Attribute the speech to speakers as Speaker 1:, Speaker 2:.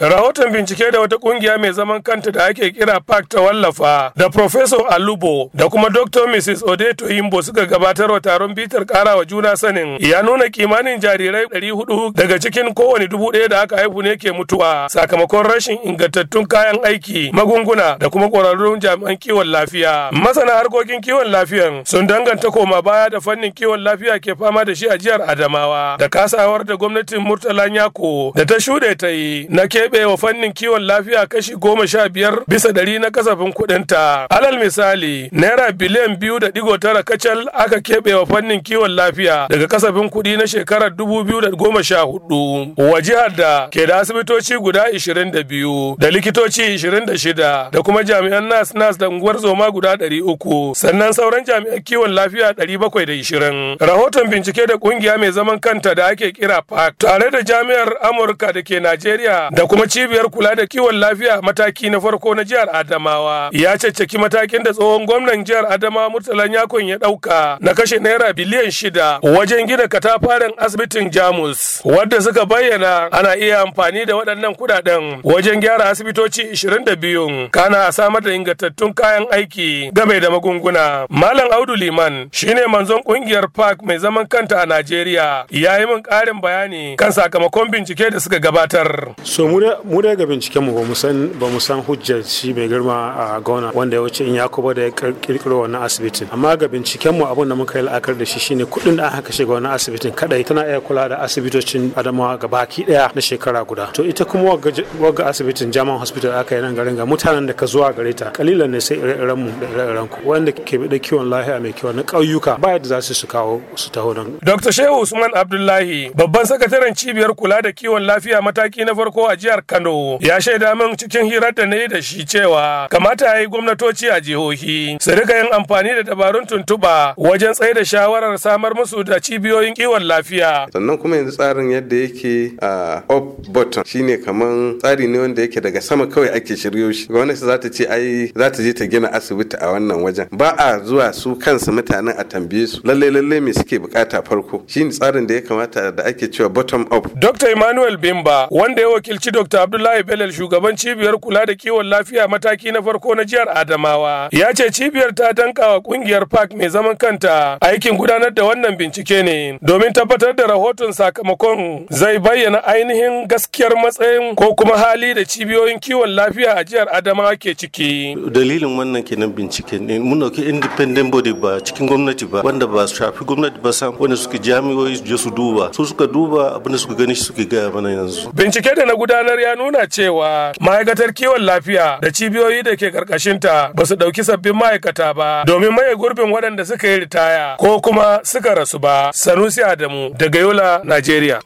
Speaker 1: Rahoton bincike da wata kungiya mai zaman kanta da ake kira PAC ta wallafa da Professor Alubo da kuma Dr. Mrs. Odeto Imbo suka gabatar wa taron bitar karawa juna sanin ya nuna kimanin jarirai 400 daga cikin kowane dubu ɗaya da aka haihu ne ke mutuwa sakamakon rashin ingantattun kayan aiki, magunguna da kuma ƙwararrun jami'an kiwon lafiya. Masana harkokin kiwon lafiyan sun danganta koma baya da fannin kiwon lafiya ke fama da shi a jihar Adamawa da kasawar da gwamnatin Murtala Nyako da ta shuɗe ta yi na ke keɓe wa fannin kiwon lafiya kashi goma sha biyar bisa ɗari na kasafin kuɗinta. Alal misali, naira biliyan biyu da ɗigo tara kacal aka keɓe wa fannin kiwon lafiya daga kasafin kuɗi na shekarar dubu biyu da goma sha hudu. Wa jihar da ke da asibitoci guda ishirin da biyu da likitoci ishirin da shida da kuma jami'an nas nas da unguwar zoma guda ɗari uku sannan sauran jami'an kiwon lafiya ɗari bakwai da ishirin. Rahoton bincike da ƙungiya mai zaman kanta da ake kira PAC tare da jami'ar Amurka da ke Najeriya da kuma kuma cibiyar kula da kiwon lafiya mataki na farko na jihar Adamawa ya caccaki matakin da tsohon gwamnan jihar Adamawa Murtala Nyakon ya ɗauka na kashe naira biliyan shida wajen gina katafaren asibitin Jamus wadda suka bayyana ana iya amfani da waɗannan kuɗaɗen wajen gyara asibitoci da 22 kana a samar da ingantattun kayan aiki game da magunguna. Malam Audu Liman shine manzon ƙungiyar Park mai zaman kanta a Najeriya ya yi min ƙarin bayani kan sakamakon bincike da suka gabatar. So mu dai ga binciken mu ba mu san hujjar shi mai girma a gona wanda ya wuce in ya yakuba da ya kirkiro wannan asibitin amma ga binciken mu abin da muka yi la'akar da shi shine kuɗin da aka kashe ga wannan asibitin kadai tana iya kula da asibitocin adamawa gabaki daya na shekara guda to ita kuma wagga asibitin jaman hospital aka yi nan garin ga mutanen da ka zuwa gare ta kalilan ne sai ire-iren mu da ire-iren ku wanda ke bi da kiwon lafiya mai kyau na ƙauyuka ba yadda za su su kawo su taho nan. Dr. Shehu Usman Abdullahi babban sakataren cibiyar kula da kiwon lafiya mataki na farko a jihar jihar Kano ya shaida min cikin hirar da na yi da shi cewa kamata ya yi gwamnatoci a jihohi su rika yin amfani da dabarun tuntuɓa wajen tsaye da shawarar samar musu da cibiyoyin kiwon lafiya. Sannan kuma yanzu tsarin yadda yake a up button shine kamar tsari ne wanda yake daga sama kawai ake shiryo shi. Gwamnati za ta ce ai za ta je ta gina asibiti a wannan wajen. Ba a zuwa su kansu mutanen a tambaye su lalle lalle me suke bukata farko. Shine tsarin da ya kamata da ake cewa bottom up. Dr. Emmanuel Bimba wanda ya wakilci Dr. Dr. Abdullahi Belal shugaban cibiyar kula da kiwon lafiya mataki na farko na jihar Adamawa ya ce cibiyar ta danka wa kungiyar park mai zaman kanta aikin gudanar da wannan bincike ne domin tabbatar da rahoton sakamakon zai bayyana ainihin gaskiyar matsayin ko kuma hali da cibiyoyin kiwon lafiya a jihar Adamawa ke ciki. Dalilin wannan kenan bincike ne mun dauki independent body ba cikin gwamnati ba wanda ba shafi gwamnati ba sam wanda suke jami'o'i su je duba su suka duba abin da suka gani suke gaya mana yanzu. Bincike da na gudanar rahotannin ya nuna cewa ma'aikatar kiwon lafiya da cibiyoyi da ke karkashinta ba su ɗauki sabbin ma'aikata ba domin maye gurbin waɗanda suka yi ritaya ko kuma suka rasu ba. Sanusi Adamu daga Yola, Najeriya.